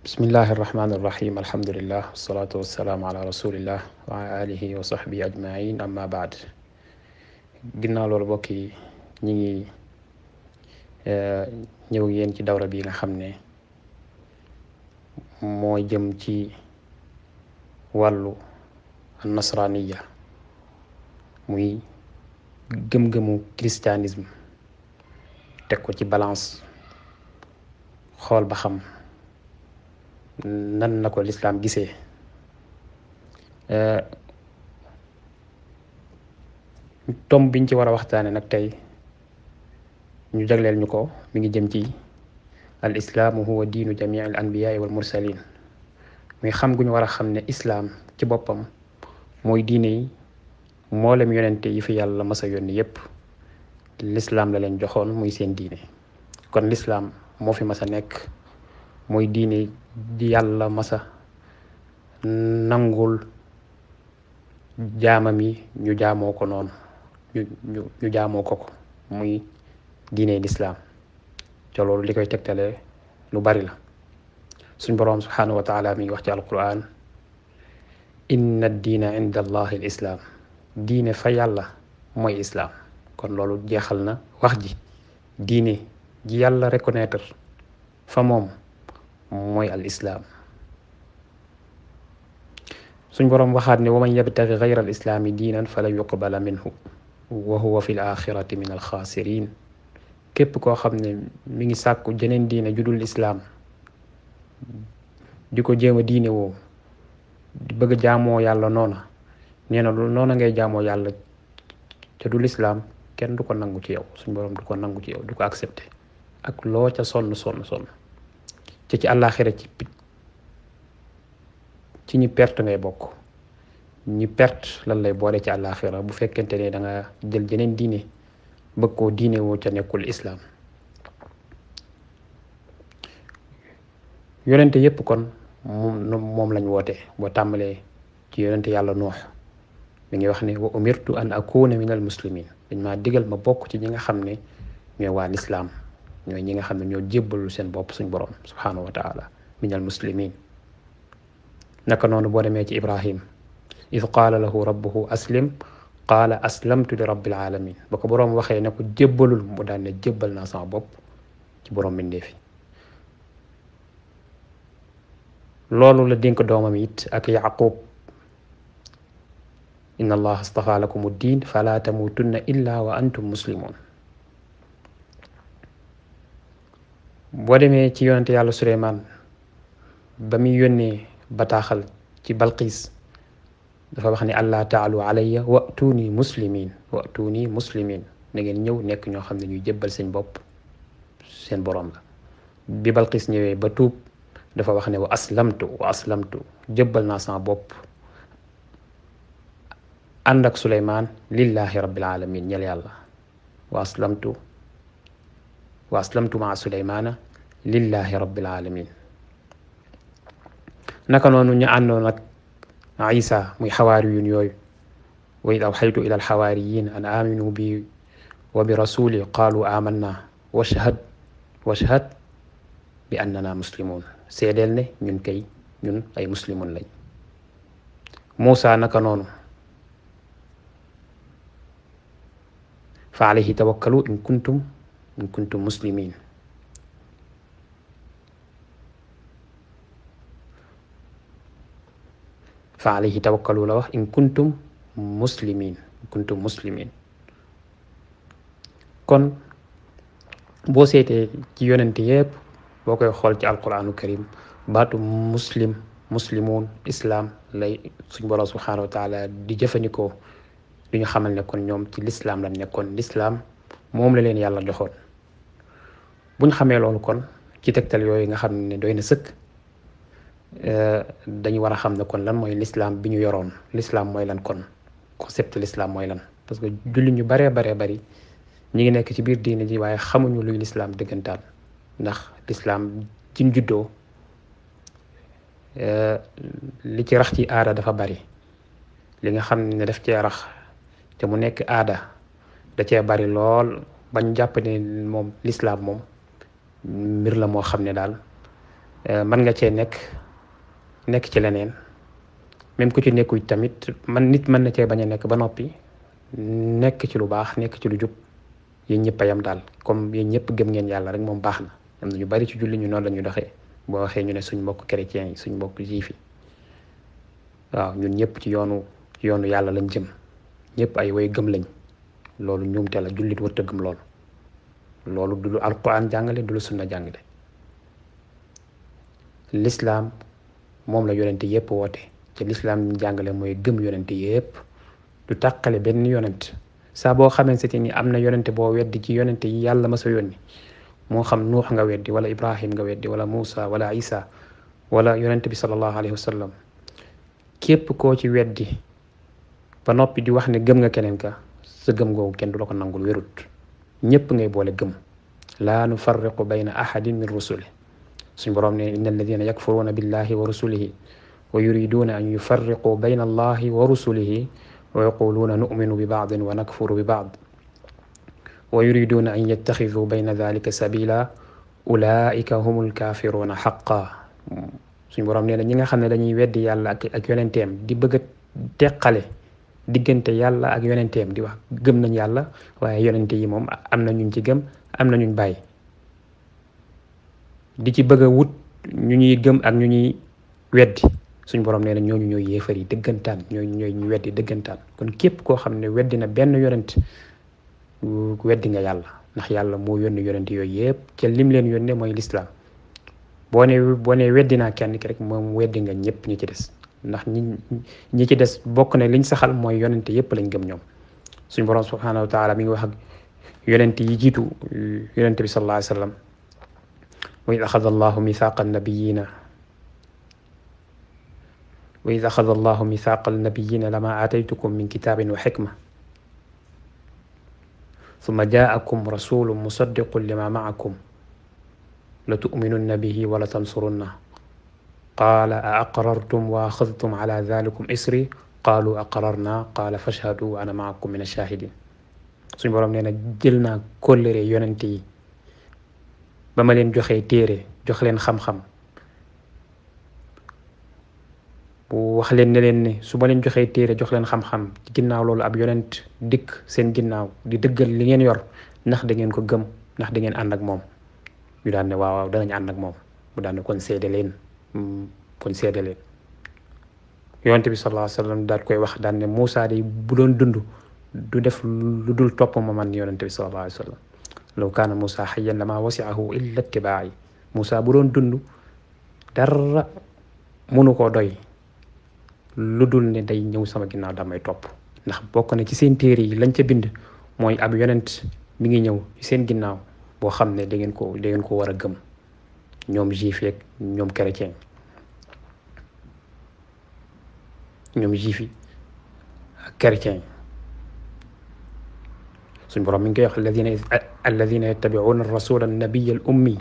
بسم الله الرحمن الرحيم الحمد لله والصلاة والسلام على رسول الله وعلى آله وصحبه أجمعين أما بعد قلنا لوربوكي نيجي نيوين كي دورة بينا خمنة موي جمتي والو النصرانية موي جم جمو كريستيانيزم تكوتي بالانس خول بخم nan la ko lislaam gisee tomb biñ ci war a waxtaane nag tey ñu jagleel ñu ko mi ngi jëm ci al islam huwa diinu jamii al anbiyaai wal mursalin muy xam gu ñu war a xam ne islam ci boppam mooy diine yi mboolem yonente yi fi yàlla masa yónni yépp l'islam la leen joxoon muy seen diine kon l'islam moo fi masa nekk mooy diine di yàlla masa nangul jaamam yi ñu jaamoo ko noonu ñu ñu jaamoo ko ko muy diine lislaam te loolu li koy tegtalee lu bari la suñ borom subhanahu wa taala mi wax ci alquran inna diina inda allahi al diine fa yàlla mooy islaam kon loolu jeexal na wax ji diine ji yàlla reconnaître fa moom mooy al islaam suñ boroom waxaat ne waman yabtagi gayra al islaami diinan fala yuqbala minhu wa huwa fi l axirati min al xaasirin képp koo xam ne mi ngi sàkku jeneen diine judul islaam di ko jéem a diine woo di bëgg jaamoo yàlla noona nee na loolu noona ngay jaamoo yàlla ca du lislaam kenn du ko nangu ci yow suñ boroom du ko nangu ci yow du ko accepté ak loo ca sonn sonn sonn ci ci alakhirah ci pit ci ñu perte ngay bokk ñu perte lan lay boole ci alakhirah bu fekkente ne da nga jël jeneen diine bëgg ko diine woo ca nekkul islam yonente yépp kon moom lañ woote bo tàmbalee ci yonente yàlla nuux mi ngi wax ne wa umirtu an akuna min al muslimin dañ maa digal ma bokk ci ñi nga xam ne ñooy waa lislaam ñooy ñi nga xam ne ñoo jébbalu seen bopp suñ borom subhanahu wa taala minal muslimin naka noonu boo demee ci ibrahim id qaala lahu rabbuhu aslim qaala aslamtu li rabbil alamin ba ko boroom waxee ne ko jébbalul mu daan ne jébbal naa sama bopp ci boroom mbindeefi loolu la dénk doomam it ak yaqub inna allaha astafa lakum ad din fala tamutunna illa wa antum muslimun boo demee ci yonente yàlla suleymaan ba muy yónnee bataaxal ci balqiis dafa wax ne allah taalu alayya watuuni muslimin watuuni muslimin na ngeen ñëw nekk ñoo xam ne ñuy jébbal seen bopp seen boroom la bi balqiis ñëwee ba tuub dafa wax ne wa aslamtu wa aslamtu jébbal naa sama bopp ànd ak suleymaan lillahi rabbil alamin ñel yàlla wa aslamtu واسلمت مع سليمان لله رب العالمين نكنو نوني انو نك عيسى مي حواري يوي واذا اوحيت الى الحواريين ان امنوا بي وبرسولي قالوا امنا واشهد واشهد باننا مسلمون سيدلنا نون كي نون اي مسلمون لاي موسى نكنو فعليه توكلوا ان كنتم إن كنتم مسلمين فعليه توكلوا له إن كنتم مسلمين إن كنتم مسلمين كن بو سيتي تي يونت ييب بوكاي خول تي القران الكريم باتو مسلم مسلمون اسلام لاي سن بولا سبحانه وتعالى دي جيفانيكو ديو خامل نيكون نيوم تي الاسلام لا نيكون الاسلام moom la leen yàlla joxoon buñ xamee loolu kon ci tegtal yooyu nga xam ne doy na sëkk eh, dañu war a xam ne kon lan mooy lislaam bi ñu yoroon lislaam mooy lan kon concept lislaam mooy lan parce que jullit ñu baree baree bari ñu ngi nekk ci biir diine ji waaye xamuñu luy lislaam dëggantaan ndax lislaam cin juddoo eh, li ci rax ci aada dafa bari li nga xam ne def cee rax te mu nekk aada da cee bari lool bañ jàpp ne moom lislaam moom mbir la moo xam ne daal euh, mën nga cee nekk nekk ci leneen même ku ci nekku tamit man nit mën na cee bañ a nekk ba noppi nekk ci lu baax nekk ci lu jub yéen ñëpp a yam daal comme yéen ñëpp gëm ngeen yàlla rek moom baax na am na ñu bari ci julli ñu noon la ñu doxee boo waxee ñu ne suñ mbokk chrétiens yi suñ mbokk juif fi waaw ñun ñëpp ci yoonu ci yoonu yàlla lañ jëm ñépp ay way gëm lañ loolu njuumte la jullit war tëggam loolu loolu du alquran jàngale du sunna jàngale l'islam moom la yonente yépp woote ci l'islam ñu jàngale mooy gëm yonente yépp du tàqale benn yonent saa boo xamante ni am na yonente boo weddi ci yonente yi yàlla ma sa yónni moo xam nuux nga weddi wala ibrahim nga weddi wala Musa, wala isa wala yonente bi salallahu alayhi wasallam. képp koo ci weddi ba noppi di wax ne gëm nga keneen ka sa gëm googu kenn du la ko nangul wérut ñépp ngay boole gëm laa nufarriqu bayna ahadin min rusuli suñ borom ne inna alladina yakfuruna billahi wa rusulihi wa yuriduna an yufarriqu bayna allahi wa rusulihi wa yaquluna nu'minu bi ba'din wa nakfuru bi ba'd wa yuriduna an yattakhidhu bayna dhalika sabila ulaika humul kafiruna haqqan suñ borom nee na ñi nga xam ne dañuy weddi yàlla ak ak yonenteem di bëgg a teqale diggante yàlla ak yonenteem di wax gëm nañ yàlla waaye yonente yi moom am na ñuñ ci gëm am na ñuñ bàyyi di ci bëgg a wut ñu ñuy gëm ak ñu ñuy weddi suñu borom nee na ñu ñooy yéefar yi dëggantaan ñooñu ñooy ñu weddi dëggantaan kon képp koo xam ne weddi na benn yonent weddi nga yàlla ndax yàlla moo yónni yonent yooyu yëpp ca lim leen yónnee mooy lislaam boo ne boo ne weddinaa naa kenn ki rek moom weddi nga ñëpp ñu ci des ndax ñi ñi ci des bokk ne liñ saxal mooy yonente yépp lañ gëm ñoom suñ borom subhanahu wa taala mi ngi wax ak yonent yi jiitu yonente bi sallallahu alayhi wasallam wa id axada allahu mithaqa an-nabiyyina wa id axada allahu mithaqa an-nabiyyina lama ataytukum min kitabin wa xikma ثم جاءكم رسول مصدق لما معكم لتؤمنن به ولتنصرنه qaala a aqrartum wa axadtum ala dalikum isri qaalu aqrarna qaala fashhadu wa ana maakum min ash-shahidin suñ borom nee na jël naa kóllëre yonent yi ba ma leen joxee téere jox leen xam-xam wax leen ne leen su ma leen joxee téere jox leen xam ci ginnaaw loolu ab yonent dikk seen ginnaaw di dëggal li ngeen yor ndax da ngeen ko gëm ndax da ngeen ànd ak moom ñu daan ne waaw danañ ànd moom mu daane ne kon seede leen kon seede leen yonent bi sallallahu alayhi wa sallam koy wax daan ne Moussa day bu doon dund du def lu dul topp ma man yonent bi sallallahu alayhi wa sallam law kaana Moussa xayyan lama wasiahu illa ittibaa'i Moussa bu doon dund dara mënu koo doy lu dul ne day ñëw sama ginnaaw damay topp ndax bokk na ci seen téere lañ ca bind mooy ab yonent mi ngi ñëw ci seen ginnaaw boo xam ne da ko da ko war a gëm ñoom juif yeeg ñoom chrétien ñoom juif yi ak chrétien suñ borom mi ngi koy wax alladina alladina yattabicuuna arrasula annabiya al ummi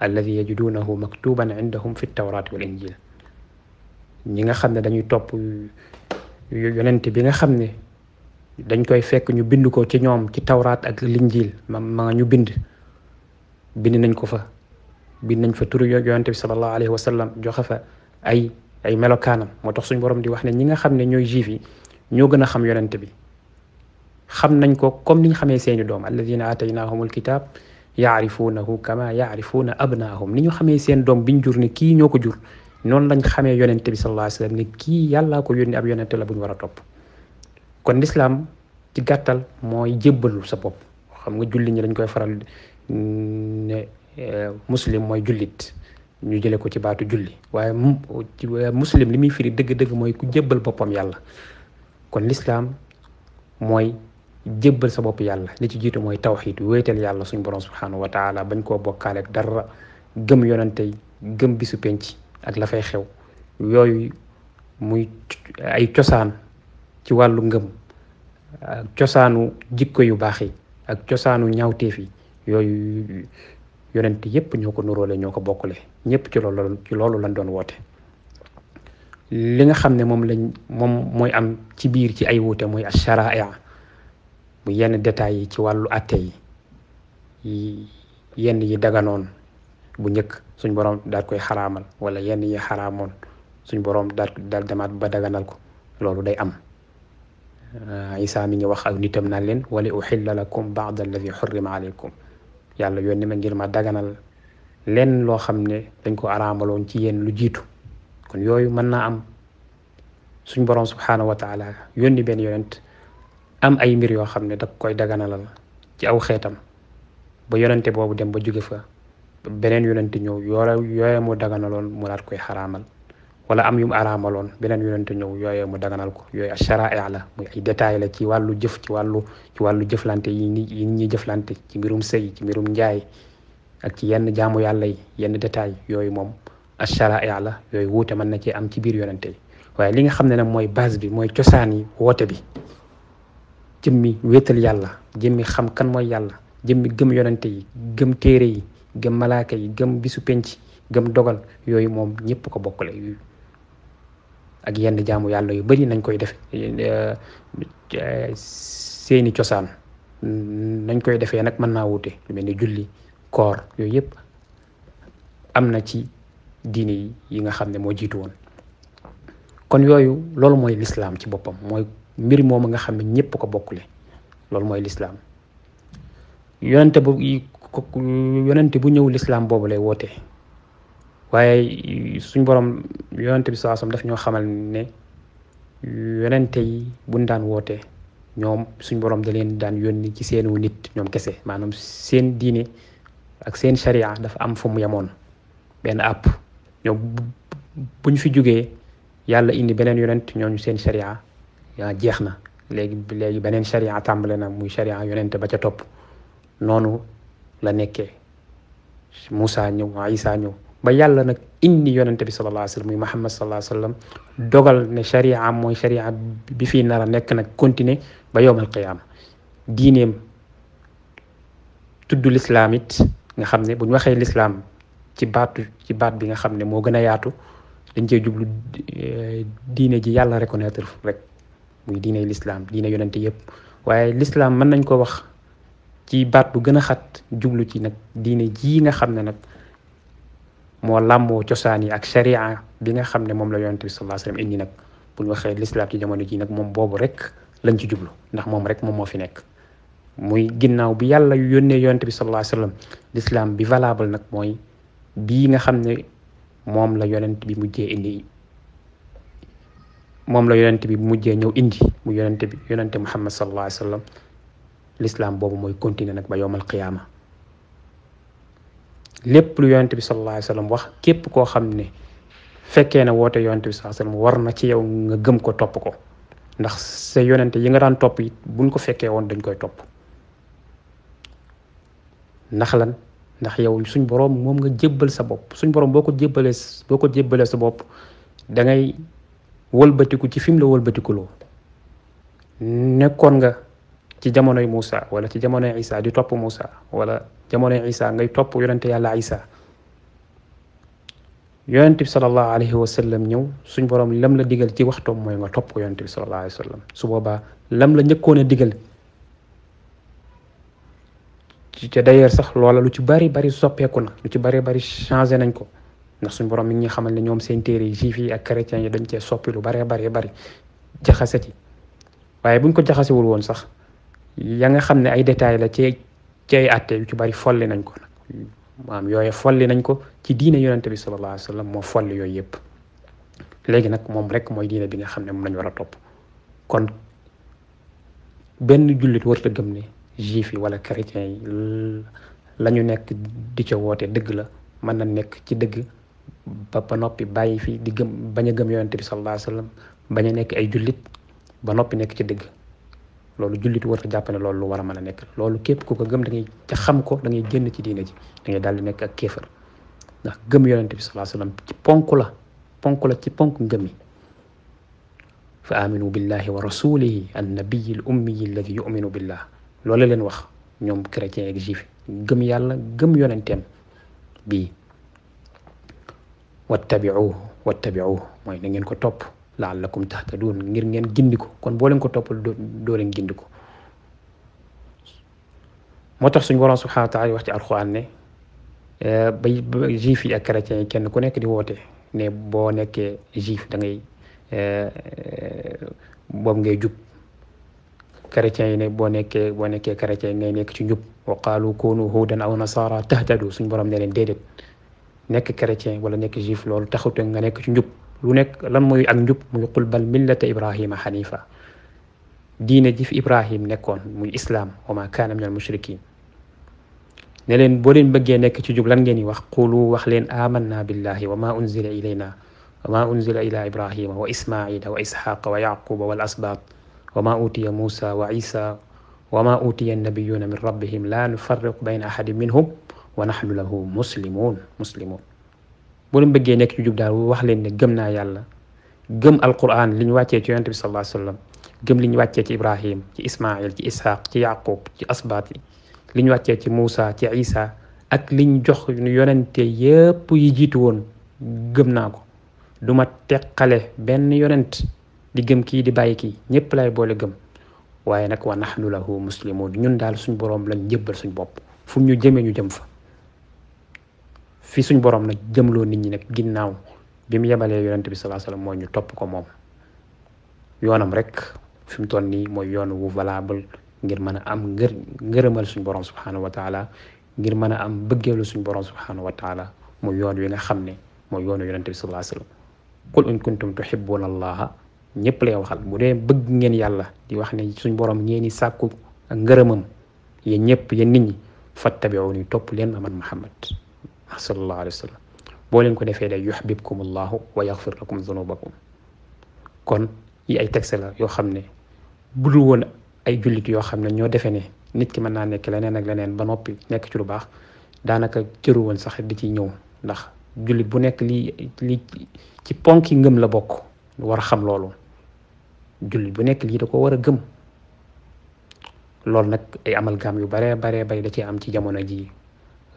alladi yajidunahu maktuban indahum fi tawrat wal injil ñi nga xam ne dañuy topp yonent bi nga xam ne dañ koy fekk ñu bind ko ci ñoom ci tawrat ak linjil ma nga ñu bind bind nañ ko fa bind nañ fa turu yonente bi salallahu alayhi wa sallam joxe fa ay ay melokaanam moo tax suñu borom di wax ne ñi nga xam ne ñooy juif yi ñoo gën a xam yonente bi xam nañ ko comme niñ xamee seeni doom alladina aataynahum alkitab yaarifuunahu kama yaarifuuna abnaahum ni ñu seen doom biñ jur ne kii ñoo jur noonu lañ xamee yonente bi salallahu alayhi wa ne kii yàllaa ko yónni ab yonente la buñ war a kon lislaam ci gàttal mooy jébbalu sa bopp xam nga julli ñi dañ koy faral ne Eh, muslim mooy jullit ñu jële ko ci baatu julli waaye eh, muslim li muy firi dëgg-dëgg mooy ku jëbbal boppam yàlla kon lislaam mooy jébbal sa bopp yàlla li ci jiitu mooy tawxiid wéetal yàlla suñ borom subhanahu wa taala bañ koo bokkaale dara gëm yonante gëm bisu penc ak la fay xew yooyu muy ay cosaan ci wàllu ngëm ak cosaanu jikko yu baax yi ak cosaanu ñaawteef yi yooyu yonent yépp ñoo ko nuróole ñoo ko bokkule ñépp ci loolu ci loolu lañ doon woote li nga xam ne moom lañ moom mooy am ci biir ci ay wuute mooy asharaa bu yenn détails yi ci wàllu atte yi yenn yi daganoon bu njëkk suñ borom daal koy xaraamal wala yenn yi xaraamoon suñ borom daal daal demaat ba daganal ko loolu day am isa mi ngi wax ak nitam naan leen wali uxilla lakum baada alladi xurrima aleykum yàlla yónni ma ngir ma daganal lenn loo xam ne dañ ko araamaloon ci yéen lu jiitu kon yooyu mën naa am suñ borom subhaanahu wa taala yónni benn yonent am ay mbir yoo xam ne da koy daganalal ci aw xeetam ba yonente boobu dem ba jóge fa beneen yonente ñëw yoola yooye mu daganaloon mu daat koy xaraamal wala am yu mu araamaloon beneen yonente ñëw yooyee mu daganal ko yooyu asharaa la muy ay détail la ci wàllu jëf ci wàllu ci wàllu jëflante yi nit yi ñuy jëflante ci mbirum sëy ci mbirum njaay ak ci yenn jaamu yàlla yi yenn détail yooyu moom asharaa la yooyu wuute man na cee am ci biir yonente yi waaye li nga xam ne nag mooy base bi mooy cosaan yi woote bi jëmmi wéetal yàlla jëmmi xam kan mooy yàlla jëmmi gëm yonente yi gëm téere yi gëm malaaka yi gëm bisu penc gëm dogal yooyu moom ñëpp ko bokkale ak yenn jaamu yàlla yu bari nañ koy def seeni cosaan nañ koy defee nag mën naa wute mel ni julli koor yooyu yëpp am na ci diini yi nga xam ne moo jiitu woon kon yooyu loolu mooy lislaam ci boppam mooy mbir moom nga xam ne ñëpp ko bokkule loolu mooy lislaam yonente bu yonente bu ñëw lislaam boobu lay woote waaye suñ borom yonente bi saasam daf ñoo xamal ne yonente yi buñ daan wootee ñoom suñ borom da leen daan yónni ci wu nit ñoom kese maanaam seen diine ak seen sharia dafa am fu mu yemoon benn app ñoom buñ fi jógee yàlla indi beneen yonent ñooñu seen sharia yaa jeex na léegi léegi beneen sharia tàmbale na muy sharia yonent ba ca topp noonu la nekkee Moussa ñëw Isa ñëw ba yàlla nag indi yonente bi sallallahu alayhi sallam muy Muhammad sallallahu alayhi wa sallam dogal ne sharia mooy sharia bi fii nar a nekk nag continuer ba yowmal qiyaama diineem tudd lislaam it nga xam ne bu ñu waxee lislaam ci baatu ci baat bi nga xam ne moo gën a yaatu dañ cee jublu diine ji yàlla reconnaître rek muy diine lislaam diine yonente yépp waaye lislaam mën nañ ko wax ci baat bu gën a xat jublu ci nag diine jii nga xam ne nag moo làmboo cosaan yi ak sharia bi nga xam ne moom la yonent bi sallallahu alayhi wa sallam indi nag buñ waxee lislaam ci jamono ji nag moom boobu rek lañ ci jublu ndax moom rek moom moo fi nekk muy ginnaaw bi yàlla yónnee yonent bi sallallahu alayhi wa sallam lislaam bi valable nag mooy bii nga xam ne moom la yonent bi mujjee indi moom la yonent bi mujjee ñëw indi mu yonent bi yonente muhammad sallallahu alayhi wa sallam lislaam boobu mooy continuer nag ba yowmal qiyaama lépp lu yonte bi sallallahu alayhi wasallam wax képp koo xam ne fekkee na woote yonte bi sallallahu alayhi wasallam war na ci yow nga gëm ko topp ko ndax sa yonente yi nga daan topp it buñ ko fekkee woon dañ koy topp ndax lan ndax yow suñ borom moom nga jébbal sa bopp suñ borom boo ko jébbalee boo ko jébbalee sa bopp da ngay wëlbatiku ci fim la wëlbatikuloo nekkoon nga ci jamonoy Moussa wala ci jamonoy Isa di topp Moussa wala jamono isa ngay top yonente yàlla isa yonent bi sallallahu alayhi wa sallam ñëw suñ borom lam la digal ci waxto moy nga top ko yonent bi sallallahu alayhi wa sallam su boba lam la njëkkoon digal ci ca d'ailleurs sax loolu lu ci bari bari soppeku na lu ci bari bari changer nañ ko ndax suñ borom mi ngi xamal ni ñoom seen téré ji fi ak chrétien yi dañ ci soppi lu bari bari bari jaxase ci waaye buñ ko wul won sax ya nga xamne ay détails la ci cey atte yu ci bari folli nañ ko nag maam yooye folli nañ ko ci diine yonente bi sallallahu moo folli yooyu yëpp léegi nag moom rek mooy diine bi nga xam ne moom lañ war a topp kon benn jullit warta gëm ne juif yi wala chrétien yi la ñu nekk di ca woote dëgg la mën na nekk ci dëgg ba ba noppi bàyyi fii di gëm bañ a gëm yonente bi sallallahu alayhi wa bañ a nekk ay jullit ba noppi nekk ci dëgg loolu jullit war a jàppale loolu lu war a mën a nekk loolu képp ku ko gëm da ngay ca xam ko da ngay génn ci diina ji da ngay daal di nekk ak kéefar ndax gëm yonente bi salaa sallam ci ponk la ponk la ci ponk ngëm yi fa aminu billahi wa rasulihi an nabiyi l ummiyi alladi yuminu billah loolu leen wax ñoom chrétien ak juif gëm yàlla gëm yonenteem bii wattabiuhu wattabiuhu mooy na ngeen ko topp laallakum taxtaduun ngir ngeen gindiku kon boo leen ko toppal doo leen gindiku moo tax suñu borom subhaanahu wa wax ci alxuraan ne eh, ba juif yi a chrétien yi kenn ku nekk di woote ne boo nekkee juif da ngay eh, boobu ngay jub chrétien yi ne boo nekkee boo nekkee chrétien yi nekk ci njub wa qaalu kunu hudan aw nasara tahtadu suñu borom ne leen déedéet nekk chrétien wala nekk juif loolu taxut nga nekk ci njub lu nekk lan mooy ak njub muy qul bal millata ibrahima xanifa diine ji fi ibrahim nekkoon muy islaam wa ma kaana min al mushrikin ne leen boo leen bëggee nekk ci jub lan ngeen di wax qulu wax leen amanna billahi wa ma unzila ilayna wa ma unzila ila ibrahima wa ismaila wa ishaqa wa yaquba wal asbat wa ma utiya musa wa isa wa ma utiya annabiyuna min rabbihim la nufarriqu bayna ahadin minhum wa nahnu lahu muslimun muslimun boo leen bëggee nekk ci jub daal wax leen ne gëm naa yàlla gëm alquran li ñu wàccee ci yonent bi sallallahu gëm li ñu wàccee ci ibrahim ci ismail ci ishaq ci yaqub ci asbaati yi li ñu wàccee ci muusa ci isa ak liñ jox yonente yépp yi jiitu woon gëm naa ko du ma teqale benn yonent di gëm kii di bàyyi kii ñépp lay boole gëm waaye nag wa nahnu lahu muslimun ñun daal suñ boroom lañ njëbbal suñ bopp fu ñu jëmee ñu jëm fa fi suñ borom nag jëmloo nit ñi nag ginnaaw bi mu yebalee yonent bi salaa salaam moo ñu topp ko moom rek fi mu toll nii mooy yoon wu valable ngir mën a am ngër ngërëmal suñ borom subhaanahu wa taala ngir mën a am bëggeelu suñ borom subhaanahu wa taala mooy yoon wi nga xam ne mooy yoonu yonent bi salaa salaam qul in kuntum tuhibbuna allaha ñëpp lay waxal mu dee bëgg ngeen yàlla di wax ne suñ borom ngeen i sàkku a ngërëmam yéen ñëpp yéen nit ñi fattabi'uni topp leen ma man Muhammad صلى الله عليه وسلم بولين كون فيدا يحببكم الله ويغفر لكم ذنوبكم كون اي اي تكسلا يو خامني بلو ون اي جوليت يو خامني ньо ديفيني نيت كي مانا نيك لنين اك لنين با نوبي نيك تي لو باخ دانكا تيرو ون صاح دي تي نيو ناخ جوليت بو نيك لي لي تي بونكي نغم لا بوك وار خام لولو جوليت بو نيك لي داكو ورا گم لول نك اي عمل گام يو باري باري باري دا تي ام تي جامونو جي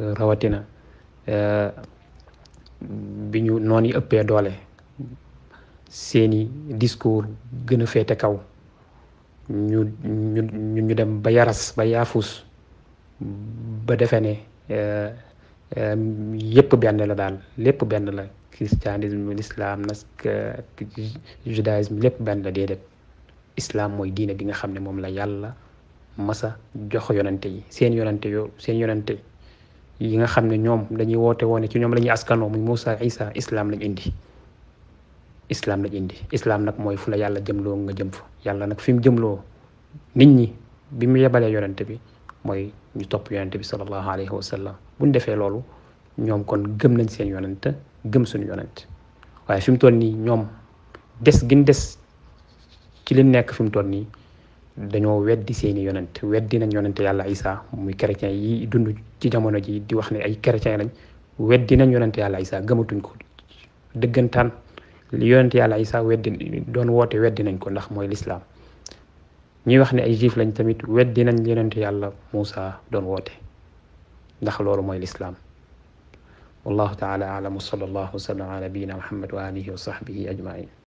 اه، رواتينا Euh, bi ñu noon ëppee doole seeni discours gën a féete kaw ñu ñu ñu dem ba yaras ba yaafus ba defe ne euh, euh, yépp benn la daal lépp benn la christianisme l'islam nak judaïsme lépp benn la déedéet islam mooy diine bi nga xam ne moom la yàlla masa jox yonante yi seen yonante yo seen yonante yi nga xam ne ñoom dañuy woote woone ci ñoom la ñuy askanoo muy Moussa Isa islam lañ indi islam lañ indi islaam nag mooy fu la yàlla jëmloo nga jëm fa yàlla nag fi mu jëmloo nit ñi bi mu yebalee yonent bi mooy ñu topp yonent bi sallallahu alayhi wa sallam buñ defee loolu ñoom kon gëm nañ seen yonent gëm suñu yonent waaye fi mu toll nii ñoom des gin des ci li nekk fi mu toll nii dañoo weddi seeni yonent weddi nañ yonent yàlla isa muy chrétien yi dund ci jamono ji di wax ne ay chrétien lañ weddi nañ yonent yàlla isa gëmatuñ ko dëggantaan li yonent yàlla isa weddi doon woote weddi nañ ko ndax mooy lislaam ñuy wax ne ay jif lañ tamit weddi nañ yonent yàlla muusa doon woote ndax loolu mooy lislaam والله تعالى أعلم وصلى الله وسلم على نبينا محمد وآله وصحبه أجمعين